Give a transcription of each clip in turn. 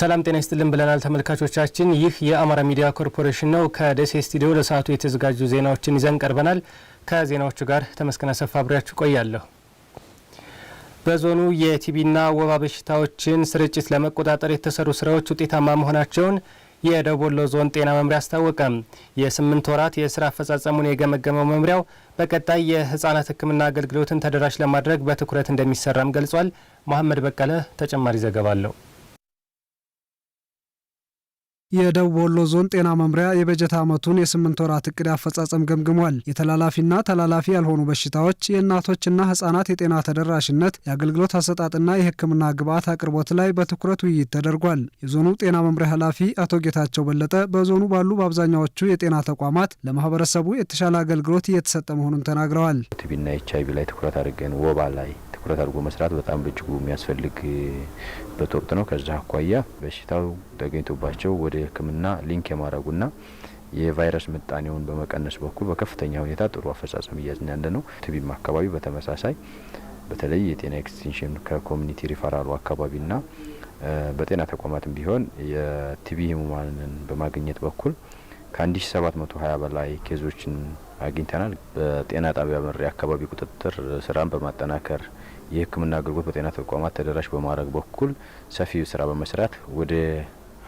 ሰላም ጤና ይስጥልን ብለናል ተመልካቾቻችን። ይህ የአማራ ሚዲያ ኮርፖሬሽን ነው። ከደሴ ስቱዲዮ ለሰዓቱ የተዘጋጁ ዜናዎችን ይዘን ቀርበናል። ከዜናዎቹ ጋር ተመስገን አሰፋ አብሬያችሁ ቆያለሁ። በዞኑ የቲቢና ወባ በሽታዎችን ስርጭት ለመቆጣጠር የተሰሩ ስራዎች ውጤታማ መሆናቸውን የደቡብ ወሎ ዞን ጤና መምሪያ አስታወቀም። የስምንት ወራት የስራ አፈጻጸሙን የገመገመው መምሪያው በቀጣይ የህጻናት ሕክምና አገልግሎትን ተደራሽ ለማድረግ በትኩረት እንደሚሰራም ገልጿል። መሐመድ በቀለ ተጨማሪ ዘገባ አለው። የደቡብ ወሎ ዞን ጤና መምሪያ የበጀት ዓመቱን የስምንት ወራት እቅድ አፈጻጸም ገምግሟል። የተላላፊና ተላላፊ ያልሆኑ በሽታዎች፣ የእናቶችና ህጻናት የጤና ተደራሽነት፣ የአገልግሎት አሰጣጥና የህክምና ግብዓት አቅርቦት ላይ በትኩረት ውይይት ተደርጓል። የዞኑ ጤና መምሪያ ኃላፊ አቶ ጌታቸው በለጠ በዞኑ ባሉ በአብዛኛዎቹ የጤና ተቋማት ለማህበረሰቡ የተሻለ አገልግሎት እየተሰጠ መሆኑን ተናግረዋል። ቲቪና ኤች አይቪ ላይ ትኩረት አድርገን ወባ ላይ ትኩረት አድርጎ መስራት በጣም በእጅጉ የሚያስፈልግበት ወቅት ነው። ከዛ አኳያ በሽታው ተገኝቶባቸው ወደ ሕክምና ሊንክ የማድረጉና የቫይረስ ምጣኔውን በመቀነስ በኩል በከፍተኛ ሁኔታ ጥሩ አፈጻጸም እያዝን ያለ ነው። ትቢም አካባቢ በተመሳሳይ በተለይ የጤና ኤክስቴንሽን ከኮሚኒቲ ሪፈራሉ አካባቢና በጤና ተቋማትም ቢሆን የቲቢ ህሙማንን በማግኘት በኩል ከ1720 በላይ ኬዞችን አግኝተናል። በጤና ጣቢያ መሪ አካባቢ ቁጥጥር ስራን በማጠናከር የህክምና አገልግሎት በጤና ተቋማት ተደራሽ በማድረግ በኩል ሰፊ ስራ በመስራት ወደ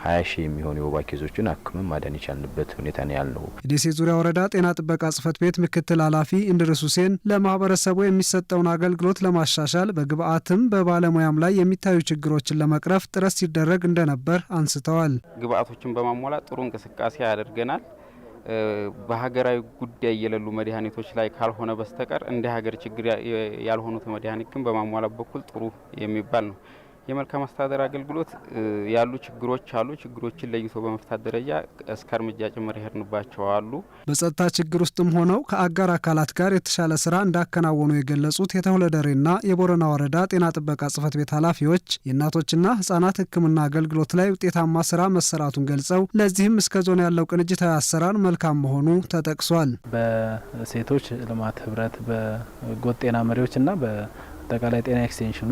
ሀያ ሺህ የሚሆኑ የወባ ኬዞችን አክምም ማዳን የቻልንበት ሁኔታ ነው ያልነው። የደሴ ዙሪያ ወረዳ ጤና ጥበቃ ጽፈት ቤት ምክትል ኃላፊ እንድርስ ሁሴን ለማህበረሰቡ የሚሰጠውን አገልግሎት ለማሻሻል በግብአትም በባለሙያም ላይ የሚታዩ ችግሮችን ለመቅረፍ ጥረት ሲደረግ እንደነበር አንስተዋል። ግብአቶችን በማሟላት ጥሩ እንቅስቃሴ አድርገናል። በሀገራዊ ጉዳይ የሌሉ መድኃኒቶች ላይ ካልሆነ በስተቀር እንደ ሀገር ችግር ያልሆኑት መድኃኒት ግን በማሟላት በኩል ጥሩ የሚባል ነው። የመልካም አስተዳደር አገልግሎት ያሉ ችግሮች አሉ። ችግሮችን ለይቶ በመፍታት ደረጃ እስከ እርምጃ ጭምር ይሄድንባቸው አሉ። በጸጥታ ችግር ውስጥም ሆነው ከአጋር አካላት ጋር የተሻለ ስራ እንዳከናወኑ የገለጹት የተሁለደሬና የቦረና ወረዳ ጤና ጥበቃ ጽፈት ቤት ኃላፊዎች የእናቶችና ህጻናት ሕክምና አገልግሎት ላይ ውጤታማ ስራ መሰራቱን ገልጸው ለዚህም እስከ ዞን ያለው ቅንጅታዊ አሰራር መልካም መሆኑ ተጠቅሷል። በሴቶች ልማት ህብረት በጎጥ ጤና መሪዎችና አጠቃላይ ጤና ኤክስቴንሽኑ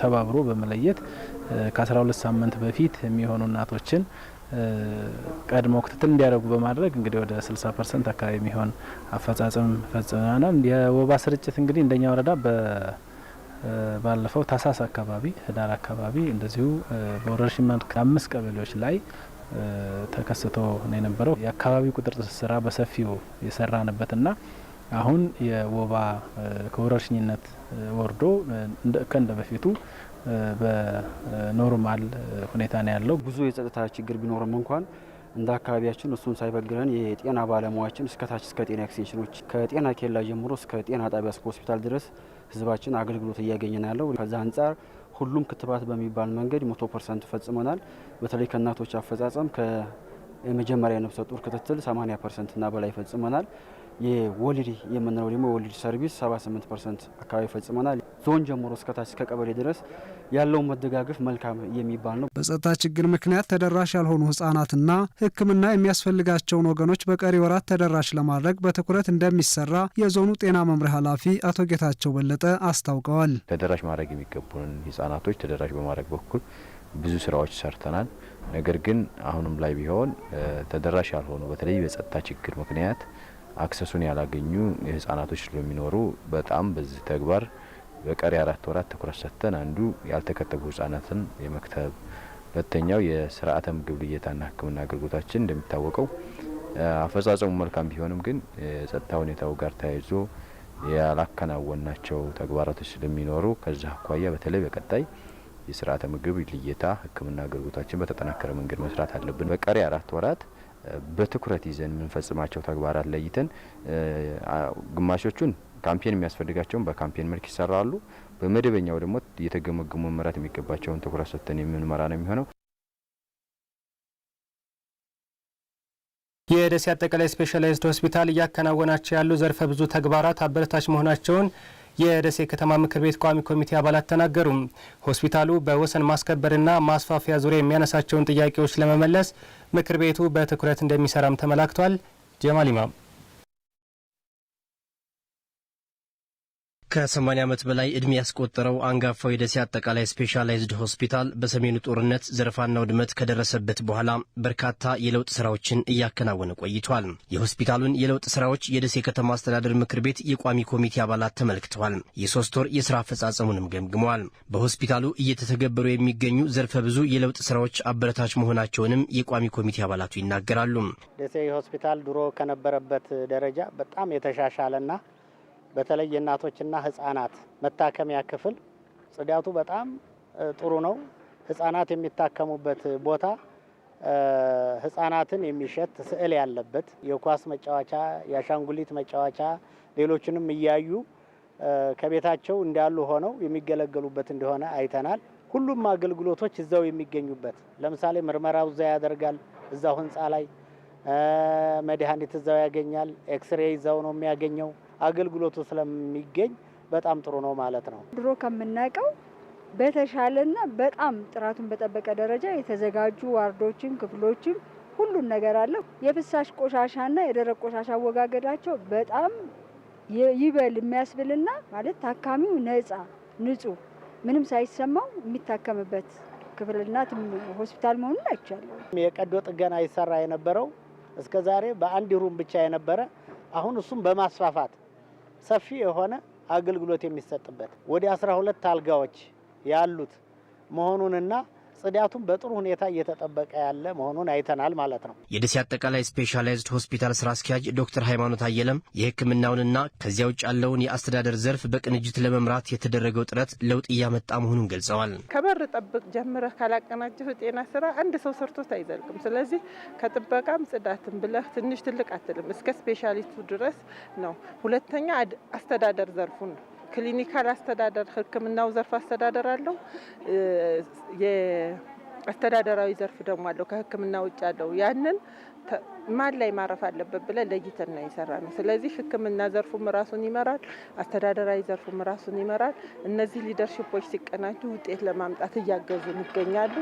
ተባብሮ በመለየት ከ12 ሳምንት በፊት የሚሆኑ እናቶችን ቀድሞ ክትትል እንዲያደርጉ በማድረግ እንግዲህ ወደ 60 ፐርሰንት አካባቢ የሚሆን አፈጻጸም ፈጽመናል። የወባ ስርጭት እንግዲህ እንደኛ ወረዳ ባለፈው ታሳስ አካባቢ ህዳር አካባቢ እንደዚሁ በወረርሽኝ መልክ አምስት ቀበሌዎች ላይ ተከስቶ ነው የነበረው። የአካባቢው ቁጥጥር ስራ በሰፊው የሰራንበትና አሁን የወባ ከወረርሽኝነት ወርዶ ከእንደ በፊቱ በኖርማል ሁኔታ ነው ያለው። ብዙ የጸጥታ ችግር ቢኖርም እንኳን እንደ አካባቢያችን እሱን ሳይበግረን የጤና ባለሙያችን እስከታች እስከ ጤና ኤክስቴንሽኖች ከጤና ኬላ ጀምሮ እስከ ጤና ጣቢያ እስከ ሆስፒታል ድረስ ህዝባችን አገልግሎት እያገኘ ነው ያለው። ከዛ አንጻር ሁሉም ክትባት በሚባል መንገድ መቶ ፐርሰንት ፈጽመናል። በተለይ ከእናቶች አፈጻጸም ከመጀመሪያ የነፍሰ ጡር ክትትል 80 ፐርሰንትና በላይ ፈጽመናል። የወሊድ የምንለው ደግሞ የወሊድ ሰርቪስ 78 ፐርሰንት አካባቢ ፈጽመናል። ዞን ጀምሮ እስከታች እስከ ቀበሌ ድረስ ያለውን መደጋገፍ መልካም የሚባል ነው። በጸጥታ ችግር ምክንያት ተደራሽ ያልሆኑ ህጻናትና ሕክምና የሚያስፈልጋቸውን ወገኖች በቀሪ ወራት ተደራሽ ለማድረግ በትኩረት እንደሚሰራ የዞኑ ጤና መምሪያ ኃላፊ አቶ ጌታቸው በለጠ አስታውቀዋል። ተደራሽ ማድረግ የሚገቡን ህጻናቶች ተደራሽ በማድረግ በኩል ብዙ ስራዎች ሰርተናል። ነገር ግን አሁንም ላይ ቢሆን ተደራሽ ያልሆኑ በተለይ በጸጥታ ችግር ምክንያት አክሰሱን ያላገኙ ህጻናቶች ስለሚኖሩ በጣም በዚህ ተግባር በቀሪ አራት ወራት ትኩረት ሰጥተን አንዱ ያልተከተቡ ህጻናትን የመክተብ ሁለተኛው የስርዓተ ምግብ ልየታና ህክምና አገልግሎታችን እንደሚታወቀው አፈጻጸሙ መልካም ቢሆንም ግን የጸጥታ ሁኔታው ጋር ተያይዞ ያላከናወናቸው ተግባራቶች ስለሚኖሩ ከዛ አኳያ በተለይ በቀጣይ የስርዓተ ምግብ ልየታ ህክምና አገልግሎታችን በተጠናከረ መንገድ መስራት አለብን። በቀሪ አራት ወራት በትኩረት ይዘን የምንፈጽማቸው ተግባራት ለይተን ግማሾቹን ካምፔን የሚያስፈልጋቸውን በካምፔን መልክ ይሰራሉ። በመደበኛው ደግሞ የተገመገሙ መመራት የሚገባቸውን ትኩረት ሰጥተን የምንመራ ነው የሚሆነው። የደሴ አጠቃላይ ስፔሻላይዝድ ሆስፒታል እያከናወናቸው ያሉ ዘርፈ ብዙ ተግባራት አበረታች መሆናቸውን የደሴ ከተማ ምክር ቤት ቋሚ ኮሚቴ አባላት ተናገሩ። ሆስፒታሉ በወሰን ማስከበርና ማስፋፊያ ዙሪያ የሚያነሳቸውን ጥያቄዎች ለመመለስ ምክር ቤቱ በትኩረት እንደሚሰራም ተመላክቷል። ጀማል ኢማም ከ80 ዓመት በላይ ዕድሜ ያስቆጠረው አንጋፋው የደሴ አጠቃላይ ስፔሻላይዝድ ሆስፒታል በሰሜኑ ጦርነት ዘረፋና ውድመት ከደረሰበት በኋላ በርካታ የለውጥ ስራዎችን እያከናወነ ቆይቷል። የሆስፒታሉን የለውጥ ስራዎች የደሴ ከተማ አስተዳደር ምክር ቤት የቋሚ ኮሚቴ አባላት ተመልክተዋል። የሶስት ወር የስራ አፈጻጸሙንም ገምግመዋል። በሆስፒታሉ እየተተገበሩ የሚገኙ ዘርፈ ብዙ የለውጥ ስራዎች አበረታች መሆናቸውንም የቋሚ ኮሚቴ አባላቱ ይናገራሉ። ደሴ ሆስፒታል ድሮ ከነበረበት ደረጃ በጣም የተሻሻለና በተለይ የእናቶችና ህጻናት መታከሚያ ክፍል ጽዳቱ በጣም ጥሩ ነው። ህጻናት የሚታከሙበት ቦታ ህጻናትን የሚሸት ስዕል ያለበት የኳስ መጫወቻ፣ የአሻንጉሊት መጫወቻ፣ ሌሎችንም እያዩ ከቤታቸው እንዳሉ ሆነው የሚገለገሉበት እንደሆነ አይተናል። ሁሉም አገልግሎቶች እዛው የሚገኙበት ለምሳሌ ምርመራው እዛ ያደርጋል፣ እዛው ህንፃ ላይ መድኃኒት እዛው ያገኛል። ኤክስሬይ እዛው ነው የሚያገኘው። አገልግሎቱ ስለሚገኝ በጣም ጥሩ ነው ማለት ነው። ድሮ ከምናውቀው በተሻለና በጣም ጥራቱን በጠበቀ ደረጃ የተዘጋጁ ዋርዶችም ክፍሎችም ሁሉን ነገር አለው። የፍሳሽ ቆሻሻና የደረቅ ቆሻሻ አወጋገዳቸው በጣም ይበል የሚያስብልና ማለት ታካሚው ነጻ ንጹህ ምንም ሳይሰማው የሚታከምበት ክፍልና ሆስፒታል መሆኑን አይቻለሁ። የቀዶ ጥገና ይሰራ የነበረው እስከዛሬ በአንድ ሩም ብቻ የነበረ አሁን እሱም በማስፋፋት ሰፊ የሆነ አገልግሎት የሚሰጥበት ወደ አስራ ሁለት አልጋዎች ያሉት መሆኑንና ጽዳቱን በጥሩ ሁኔታ እየተጠበቀ ያለ መሆኑን አይተናል ማለት ነው። የደሴ አጠቃላይ ስፔሻላይዝድ ሆስፒታል ስራ አስኪያጅ ዶክተር ሃይማኖት አየለም የሕክምናውንና ከዚያ ውጭ ያለውን የአስተዳደር ዘርፍ በቅንጅት ለመምራት የተደረገው ጥረት ለውጥ እያመጣ መሆኑን ገልጸዋል። ከበር ጠብቅ ጀምረህ ካላቀናጀህ ጤና ስራ አንድ ሰው ሰርቶት አይዘልቅም። ስለዚህ ከጥበቃም ጽዳትም ብለህ ትንሽ ትልቅ አትልም። እስከ ስፔሻሊስቱ ድረስ ነው። ሁለተኛ አስተዳደር ዘርፉን ነው ክሊኒካል አስተዳደር ህክምናው ዘርፍ አስተዳደር አለው። አስተዳደራዊ ዘርፍ ደግሞ አለው። ከህክምና ውጭ አለው። ያንን ማን ላይ ማረፍ አለበት ብለን ለይተን ነው የሰራ ነው። ስለዚህ ሕክምና ዘርፉም ራሱን ይመራል፣ አስተዳደራዊ ዘርፉም ራሱን ይመራል። እነዚህ ሊደርሽፖች ሲቀናጁ ውጤት ለማምጣት እያገዙ ይገኛሉ።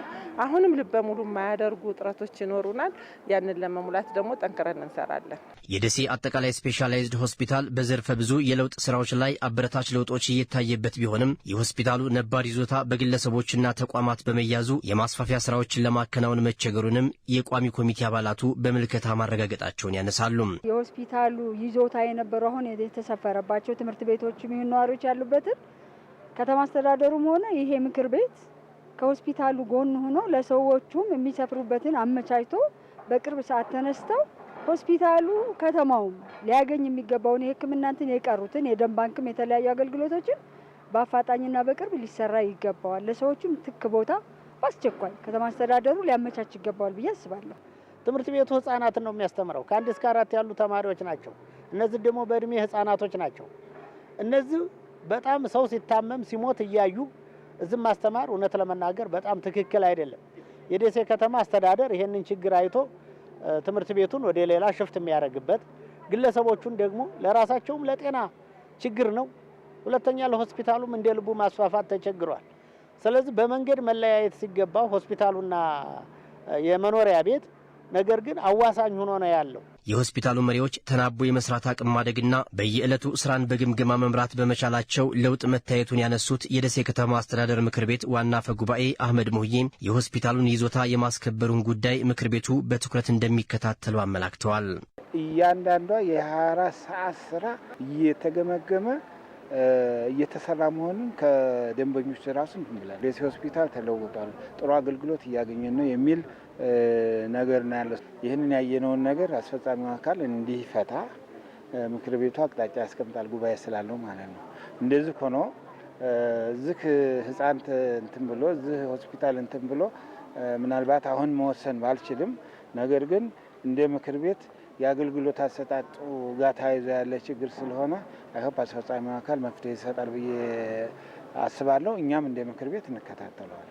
አሁንም ልበ ሙሉ የማያደርጉ እጥረቶች ይኖሩናል። ያንን ለመሙላት ደግሞ ጠንክረን እንሰራለን። የደሴ አጠቃላይ ስፔሻላይዝድ ሆስፒታል በዘርፈ ብዙ የለውጥ ስራዎች ላይ አበረታች ለውጦች እየታየበት ቢሆንም የሆስፒታሉ ነባር ይዞታ በግለሰቦችና ተቋማት በመያዙ የማስፋፊያ ስራዎችን ለማከናወን መቸገሩንም የቋሚ ኮሚቴ አባላቱ በምልከታ ማረጋገጣቸውን ያነሳሉ። የሆስፒታሉ ይዞታ የነበረው አሁን የተሰፈረባቸው ትምህርት ቤቶች የሚሆን ነዋሪዎች ያሉበትን ከተማ አስተዳደሩም ሆነ ይሄ ምክር ቤት ከሆስፒታሉ ጎን ሆኖ ለሰዎቹም የሚሰፍሩበትን አመቻችቶ በቅርብ ሰዓት ተነስተው ሆስፒታሉ ከተማውም ሊያገኝ የሚገባውን የሕክምና የቀሩትን የደም ባንክም የተለያዩ አገልግሎቶችን በአፋጣኝና በቅርብ ሊሰራ ይገባዋል። ለሰዎቹም ትክ ቦታ በአስቸኳይ ከተማ አስተዳደሩ ሊያመቻች ይገባዋል ብዬ አስባለሁ። ትምህርት ቤቱ ህጻናትን ነው የሚያስተምረው። ከአንድ እስከ አራት ያሉ ተማሪዎች ናቸው። እነዚህ ደግሞ በእድሜ ህጻናቶች ናቸው። እነዚህ በጣም ሰው ሲታመም ሲሞት እያዩ እዚህ ማስተማር እውነት ለመናገር በጣም ትክክል አይደለም። የደሴ ከተማ አስተዳደር ይሄንን ችግር አይቶ ትምህርት ቤቱን ወደ ሌላ ሽፍት የሚያደርግበት ግለሰቦቹን ደግሞ ለራሳቸውም ለጤና ችግር ነው፣ ሁለተኛ ለሆስፒታሉም እንደ ልቡ ማስፋፋት ተቸግሯል። ስለዚህ በመንገድ መለያየት ሲገባው ሆስፒታሉና የመኖሪያ ቤት ነገር ግን አዋሳኝ ሆኖ ነው ያለው። የሆስፒታሉ መሪዎች ተናቦ የመስራት አቅም ማደግና በየዕለቱ ስራን በግምገማ መምራት በመቻላቸው ለውጥ መታየቱን ያነሱት የደሴ ከተማ አስተዳደር ምክር ቤት ዋና አፈ ጉባኤ አህመድ ሙህዬም የሆስፒታሉን ይዞታ የማስከበሩን ጉዳይ ምክር ቤቱ በትኩረት እንደሚከታተሉ አመላክተዋል። እያንዳንዷ የ24 ሰዓት ስራ እየተገመገመ እየተሰራ መሆኑን ከደንበኞች ራሱ እንትን ብላል። ደሴ ሆስፒታል ተለውጧል፣ ጥሩ አገልግሎት እያገኘን ነው የሚል ነገር ነው ያለ። ይህንን ያየነውን ነገር አስፈጻሚው አካል እንዲፈታ ምክር ቤቱ አቅጣጫ ያስቀምጣል፣ ጉባኤ ስላለው ማለት ነው። እንደዚህ ሆኖ እዚህ ህፃን እንትን ብሎ ዝህ ሆስፒታል እንትን ብሎ ምናልባት አሁን መወሰን ባልችልም ነገር ግን እንደ ምክር ቤት የአገልግሎት አሰጣጡ ጋር ተያይዞ ያለ ችግር ስለሆነ አይሆፕ አስፈጻሚው አካል መፍትሄ ይሰጣል ብዬ አስባለሁ። እኛም እንደ ምክር ቤት እንከታተለዋል።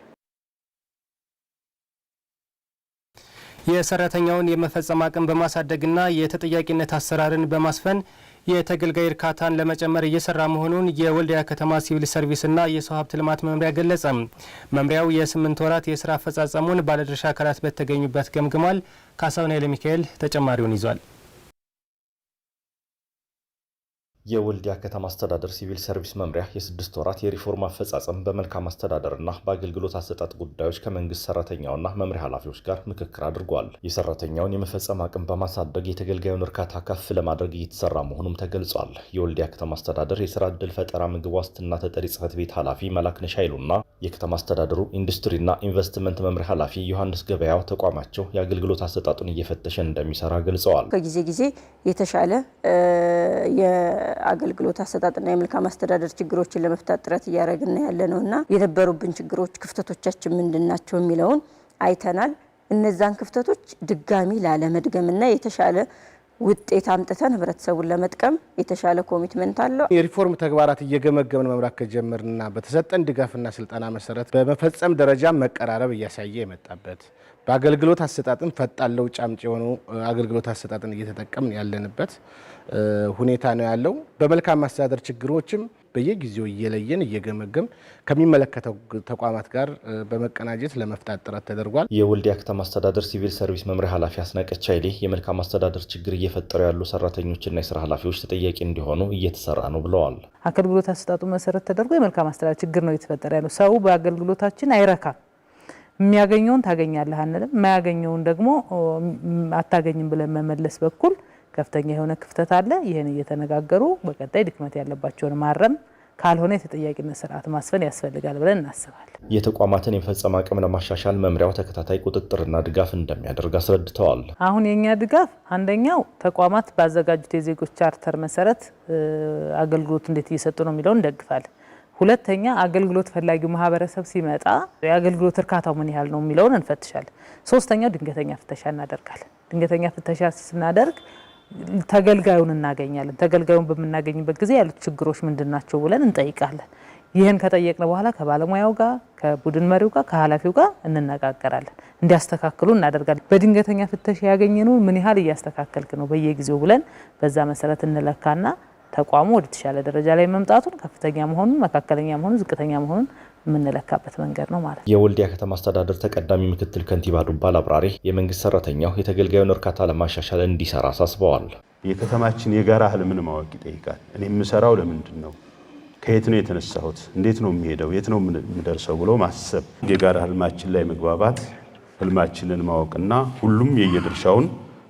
የሰራተኛውን የመፈጸም አቅም በማሳደግና የተጠያቂነት አሰራርን በማስፈን የተገልጋይ እርካታን ለመጨመር እየሰራ መሆኑን የወልዲያ ከተማ ሲቪል ሰርቪስና የሰው ሀብት ልማት መምሪያ ገለጸ። መምሪያው የስምንት ወራት የስራ አፈጻጸሙን ባለድርሻ አካላት በተገኙበት ገምግሟል። ካሳሁን ኃይለ ሚካኤል ተጨማሪውን ይዟል። የወልዲያ ከተማ አስተዳደር ሲቪል ሰርቪስ መምሪያ የስድስት ወራት የሪፎርም አፈጻጸም በመልካም አስተዳደርና በአገልግሎት አሰጣጥ ጉዳዮች ከመንግስት ሰራተኛውና መምሪያ ኃላፊዎች ጋር ምክክር አድርጓል። የሰራተኛውን የመፈጸም አቅም በማሳደግ የተገልጋዩን እርካታ ከፍ ለማድረግ እየተሰራ መሆኑም ተገልጿል። የወልዲያ ከተማ አስተዳደር የስራ ዕድል ፈጠራ ምግብ ዋስትና ተጠሪ ጽህፈት ቤት ኃላፊ መላክነሽ ኃይሉና የከተማ አስተዳደሩ ኢንዱስትሪና ኢንቨስትመንት መምሪያ ኃላፊ ዮሐንስ ገበያው ተቋማቸው የአገልግሎት አሰጣጡን እየፈተሸ እንደሚሰራ ገልጸዋል። ከጊዜ ጊዜ የተሻለ የአገልግሎት አሰጣጥና የመልካም አስተዳደር ችግሮችን ለመፍታት ጥረት እያደረግን ያለ ነው እና የነበሩብን ችግሮች፣ ክፍተቶቻችን ምንድን ናቸው የሚለውን አይተናል። እነዛን ክፍተቶች ድጋሚ ላለመድገምና የተሻለ ውጤት አምጥተን ህብረተሰቡን ለመጥቀም የተሻለ ኮሚትመንት አለው። የሪፎርም ተግባራት እየገመገምን መምራት ከጀመርና በተሰጠን ድጋፍና ስልጠና መሰረት በመፈጸም ደረጃ መቀራረብ እያሳየ የመጣበት በአገልግሎት አሰጣጥን ፈጣን ለውጥ አምጪ የሆኑ አገልግሎት አሰጣጥን እየተጠቀምን ያለንበት ሁኔታ ነው ያለው። በመልካም አስተዳደር ችግሮችም በየጊዜው እየለየን እየገመገም ከሚመለከተው ተቋማት ጋር በመቀናጀት ለመፍታት ጥረት ተደርጓል። የወልዲያ ከተማ አስተዳደር ሲቪል ሰርቪስ መምሪያ ኃላፊ አስናቀች ኃይሌ የመልካም አስተዳደር ችግር እየፈጠሩ ያሉ ሰራተኞችና የስራ ኃላፊዎች ተጠያቂ እንዲሆኑ እየተሰራ ነው ብለዋል። አገልግሎት አሰጣጡ መሰረት ተደርጎ የመልካም አስተዳደር ችግር ነው እየተፈጠረ ያለው። ሰው በአገልግሎታችን አይረካም። የሚያገኘውን ታገኛለህ አንልም፣ የማያገኘውን ደግሞ አታገኝም ብለን መመለስ በኩል ከፍተኛ የሆነ ክፍተት አለ። ይህን እየተነጋገሩ በቀጣይ ድክመት ያለባቸውን ማረም ካልሆነ የተጠያቂነት ስርዓት ማስፈን ያስፈልጋል ብለን እናስባለን። የተቋማትን የመፈጸም አቅም ለማሻሻል መምሪያው ተከታታይ ቁጥጥርና ድጋፍ እንደሚያደርግ አስረድተዋል። አሁን የእኛ ድጋፍ አንደኛው ተቋማት ባዘጋጁት የዜጎች ቻርተር መሰረት አገልግሎት እንዴት እየሰጡ ነው የሚለውን እንደግፋል። ሁለተኛ አገልግሎት ፈላጊው ማህበረሰብ ሲመጣ የአገልግሎት እርካታው ምን ያህል ነው የሚለውን እንፈትሻል። ሶስተኛው ድንገተኛ ፍተሻ እናደርጋል። ድንገተኛ ፍተሻ ስናደርግ ተገልጋዩን እናገኛለን። ተገልጋዩን በምናገኝበት ጊዜ ያሉት ችግሮች ምንድን ናቸው ብለን እንጠይቃለን። ይህን ከጠየቅን በኋላ ከባለሙያው ጋር ከቡድን መሪው ጋር ከኃላፊው ጋር እንነጋገራለን። እንዲያስተካክሉ እናደርጋለን። በድንገተኛ ፍተሻ ያገኘነውን ምን ያህል እያስተካከልክ ነው በየጊዜው ብለን በዛ መሰረት እንለካና ተቋሙ ወደ ተሻለ ደረጃ ላይ መምጣቱን ከፍተኛ መሆኑን፣ መካከለኛ መሆኑን፣ ዝቅተኛ መሆኑን የምንለካበት መንገድ ነው ማለት ነው። የወልዲያ ከተማ አስተዳደር ተቀዳሚ ምክትል ከንቲባ ዱባል አብራሪ የመንግስት ሰራተኛው የተገልጋዩን እርካታ ለማሻሻል እንዲሰራ አሳስበዋል። የከተማችን የጋራ ህልምን ማወቅ ይጠይቃል። እኔ የምሰራው ለምንድን ነው? ከየት ነው የተነሳሁት? እንዴት ነው የሚሄደው? የት ነው የምደርሰው ብሎ ማሰብ፣ የጋራ ህልማችን ላይ መግባባት፣ ህልማችንን ማወቅና ሁሉም የየድርሻውን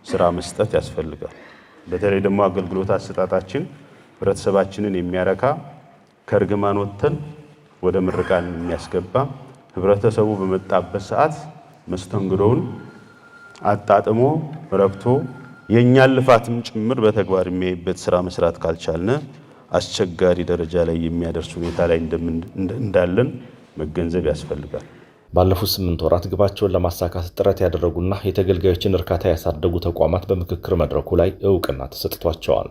ስራ መስጠት ያስፈልጋል። በተለይ ደግሞ አገልግሎት አሰጣጣችን ህብረተሰባችንን የሚያረካ ከእርግማን ወጥተን ወደ ምርቃን የሚያስገባ ህብረተሰቡ በመጣበት ሰዓት መስተንግዶውን አጣጥሞ ረክቶ የእኛን ልፋትም ጭምር በተግባር የሚያይበት ስራ መስራት ካልቻልነ አስቸጋሪ ደረጃ ላይ የሚያደርስ ሁኔታ ላይ እንዳለን መገንዘብ ያስፈልጋል። ባለፉት ስምንት ወራት ግባቸውን ለማሳካት ጥረት ያደረጉና የተገልጋዮችን እርካታ ያሳደጉ ተቋማት በምክክር መድረኩ ላይ እውቅና ተሰጥቷቸዋል።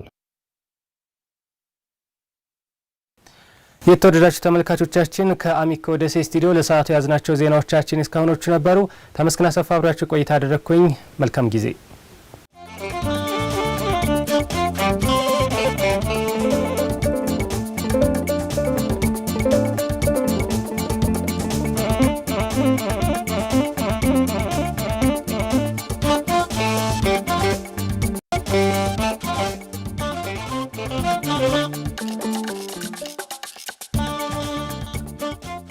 የተወደዳችሁ ተመልካቾቻችን ከአሚኮ ደሴ ስቱዲዮ ለሰዓቱ የያዝናቸው ዜናዎቻችን እስካሁኖቹ ነበሩ። ተመስገን አሰፋ አብሪያችሁ ቆይታ አደረግኩኝ። መልካም ጊዜ